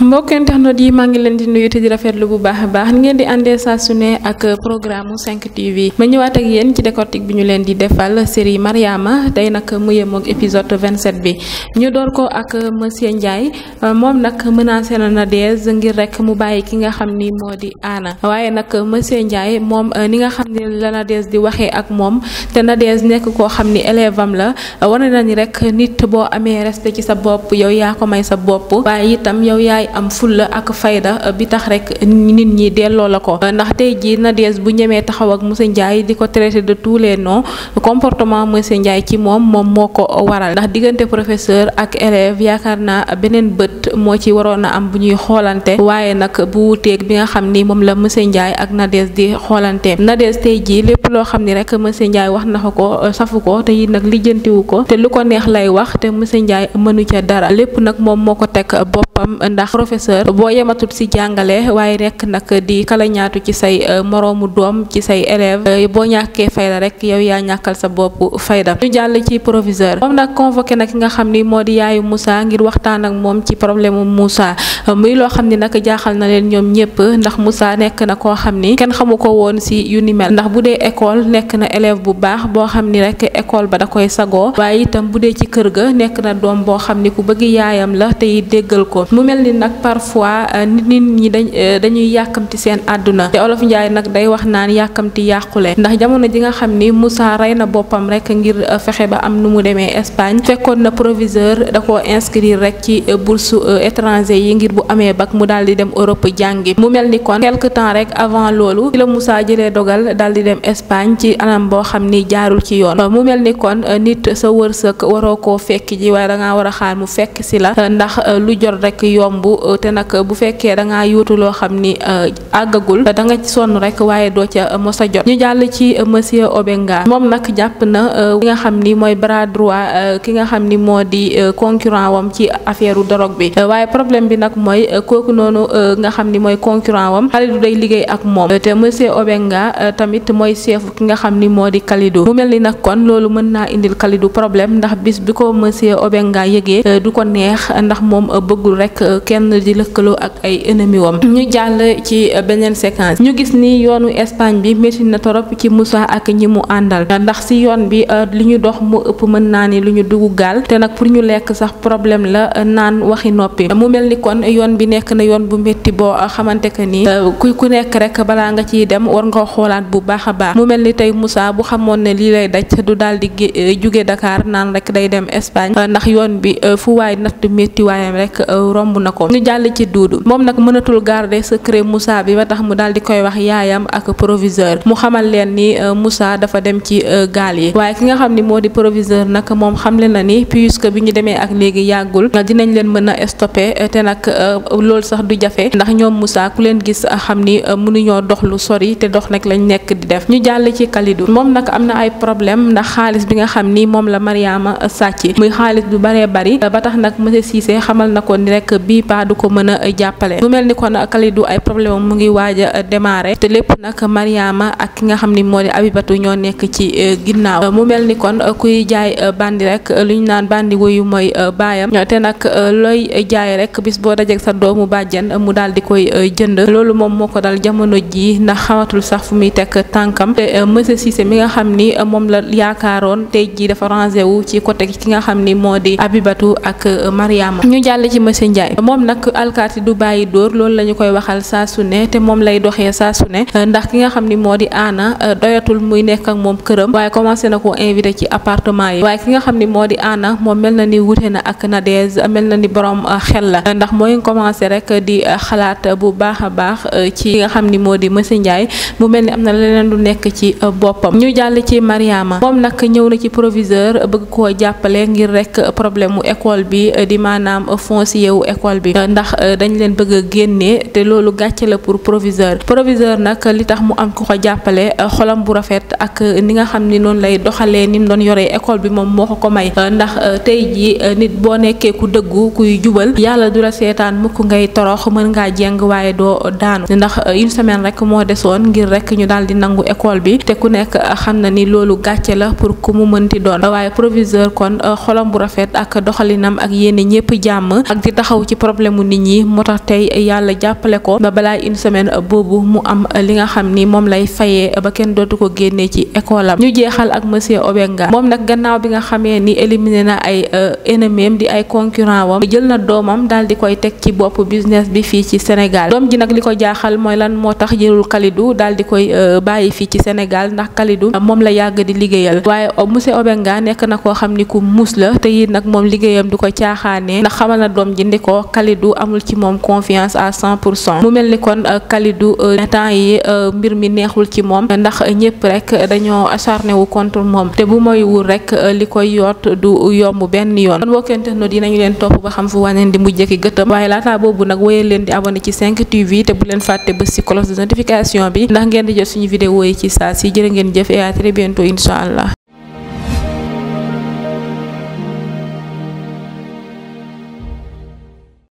mbokk internet yi maa ngi leen di nuyu te di rafetlu bu baax a baax ni ngeen di àndee saa su ne ak programme 5 TV ma ñëwaat ak yéen ci décortique bi ñu leen di defal série Mariama tey nag mu yemoog épisode 27 bi ñu door ko ak monsieur Ndiaye moom nag menacé na Nadège ngir rek mu bàyyi ki nga xam ni moo di Anna waaye nag monsieur Ndiaye moom ni nga xam ne la Nadège di waxee ak moom te Nadège nekk koo xam ni élève am la wane na ni rek nit boo amee respect ci sa bopp yow yaa ko may sa bopp waaye itam yow yaay yaay am fulla ak fayda euh, bi tax rek nit ñi delloo la ko euh, ndax tey ji Nadège bu ñemee taxaw ak monsieur Ndiaye di ko traité de tous les noms comportement monsieur Ndiaye ci moom moom moo ko waral ndax diggante professeur ak élève yaakaar na beneen bët moo ci waroon a am bu ñuy xoolante waaye nag bu wuteeg bi nga xam ni moom la monsieur Ndiaye ak Nadège di xoolante Nadège tey ji lépp loo xam ni rek monsieur Ndiaye wax na ko ko euh, safu ko te it nag lijjantiwu ko te lu ko neex lay wax professeur boo yematut si jàngale waaye nekk nag di kala ñaatu ci say euh, moroomu doom ci say élèves euh, boo ñàkkee fayda rek yow yaa ñàkkal sa bopp fayda ñu jàll ci proviseur moom nag convoqué nag ki nga xam ni moo di yaayu musaa ngir waxtaan ak moom ci problème mu Moussa muy loo xam ni nag jaaxal na leen ñoom ñëpp ndax musaa nekk na koo xam ni kenn xamu ko woon si yu ni mel ndax bu dee école nekk na élève bu baax boo xam ni rek école ba da koy sagoo waaye itam bu dee ci kër ga nekk na doom boo xam ni bëgg yaayam la nag parfois euh, nit ñi dañ euh, dañuy yàkkamti seen àdduna te olof Njaay nag day wax naan yàkkamti yàqule ndax jamono ji nga xam ni musaa rey na boppam rek ngir euh, fexe ba am nu mu demee Espagne fekkoon na proviseur da ko inscrire rek ci bourse étranger yi ngir bu amee bac mu daal di dem Europe jàngi mu mel ni kon quelque temps rek avant loolu ci la Moussa jëlee dogal daal di dem Espagne ci anam boo xam ni jaarul ci yoon mu mel ni kon nit sa wërsëg waroo koo fekk ji waaye a xaar mu fekk si la ndax Euh, te nag bu fekkee da ngaa yóotu loo xam ni euh, àggagul da nga ci sonn rek waaye doo ca euh, mosa a jot ñu jàll ci monsieur Obenga moom nag jàpp na ki nga xam ni mooy bras ki nga xam ni moo di concurrent wam ci affaire drogue bi waaye problème bi nag mooy kooku noonu nga xam ni mooy concurrent wam Khalidou day liggéey ak moom te monsieur Obenga tamit mooy chef ki nga xam ni moo di Khalidou mu mel ni nag kon loolu mën naa indil Khalidou problème ndax bis bi ko monsieur Obenga yëgee du ko neex ndax moom bëggul rek kenn génn di lëkkaloo ak ay ennemi wam ñu jàll ci beneen séquence ñu gis ni yoonu Espagne bi métti na torop ci Moussa ak ñi mu àndal ndax si yoon bi euh, li ñu dox mu mën naa ni lu ñu dugg gaal te nag pour ñu lekk sax problème la euh, naan waxi noppi mu mel ni kon yoon bi nekk na yoon bu métti boo euh, xamante que nii ku ku nekk rek balaa nga ciy dem war nga xoolaat bu baax a baax mu mel ni tey Moussa bu xamoon ne lii lay daj du daal di jóge Dakar naan rek day dem Espagne ndax yoon bi fu waay natt métti waayam rek romb na ko ñu jàll ci duudu moom nag mënatul garder secret Moussa bi ba tax mu daal di koy wax yaayam ak proviseur mu xamal leen ni euh, Moussa dafa dem ci euh, gaal yi waaye ki nga xam ni moo di proviseur nag moom xamle na ni puisque bi ñu demee ak léegi yàggul dinañ leen mën a stoppé te nag euh, loolu sax du jafe ndax ñoom Moussa ku leen gis xam ni mënuñoo dox lu sori te dox nag lañ nekk di def ñu jàll ci Kalidou moom nag am na ay problème ndax xaalis bi nga xam ni moom la Mariama sàcc muy xaalis bu baree bari ba tax nag monsieur Cissé xamal na ko ni rek bii du ko mën a jàppale mu mel ni kon Kalidou ay problème mu ngi waaj a démarrer te lépp nag Mariama ak ki nga xam ni moo di Abibatu ñoo nekk ci euh, ginnaaw mu mel ni kon euh, kuy jaay euh, bandi rek lu ñu naan bandi mooy baayam te nag looy jaay rek bis boo dajeg sa doomu bàjjen mu daal di koy jënd loolu moom moo ko dal jamono jii ndax xawatul sax fu muy teg tànkam monsieur Cissé mi nga xam ni moom la yaakaaroon tey jii dafa rangé wu ci côté ki nga xam ni moo di Abibatu ak Mariama ñu jàll ci monsieur Ndiaye moom nag alkaati du bàyyi dóor loolu la ñu koy waxal saa su ne te moom lay doxee saa su ne euh, ndax ki nga xam ni moo di ànna euh, doyatul muy nekk moom këram waaye commencé na ko invité ci appartement yi waaye ki nga xam ni moo di aana moom mel na ni wute na ak Nadège mel na ni borom euh, xel la ndax mooy commencé rek di xalaat bu baax a baax ci ki nga xam ni moo di Monsieur Ndiaye mu mel ni am na leneen lu nekk ci boppam ñu jàll ci Mariama moom nag ñëw na ci proviseur bëgg koo jàppale ngir rek problème mu école bi di maanaam foncier wu école bi ndax euh, dañ leen bëgg a génnee te loolu gàcce la pour proviseur proviseur nak li tax mu am ku ko jàppale euh, xolam bu rafet ak euh, ni nga xam ni noonu lay doxalee ni mu doon yoree école bi moom moo ko ko may ndax tey jii nit boo nekkee ku dëggu kuy jubal yàlla du la seetaan mukk ngay torox mën ngaa jeng waaye doo daanu ndax une semaine rek moo desoon ngir rek ñu daal di nangu école bi te ku nekk xam na ni loolu gàcce la pour ku mu mënti doon waaye proviseur kon xolam problème mu nit ñi moo tax tey yàlla jàppale ko ba balaa une semaine boobu mu am li nga xam ni moom lay fayee ba kenn dootu ko génnee ci école am ñu jeexal ak monsieur Obenga moom nag gannaaw bi nga xamee ni éliminé na ay euh, ennemis di ay concurrent wam jël na doomam daal di koy teg ci bopp business bi fii ci Sénégal doom ji nag li ko jaaxal mooy lan moo tax jëlul kalidu dal di koy euh, bàyyi fii ci senegal ndax Kalidou moom la yàgg di liggéeyal waaye euh, monsieur Obenga nekk du amul ci moom confiance à cent pour cent mu mel ni kon euh, Kalidou euh, temps yi euh, mbir mi neexul ci moom ndax ñëpp rek dañoo acharné wu contre moom te bu mooy wul rek li koy yoot du yomb benn yoon kon bokkente no dinañu leen topp ba xam fu waneen di mujjee ki gëtëm waaye laata boobu nag wéyal leen di abonné ci 5 TV te bu leen fàtte ba si cloche de notification bi ndax ngeen di jot suñu vidéo yi ci saa si jërë ngeen jëf et à très allah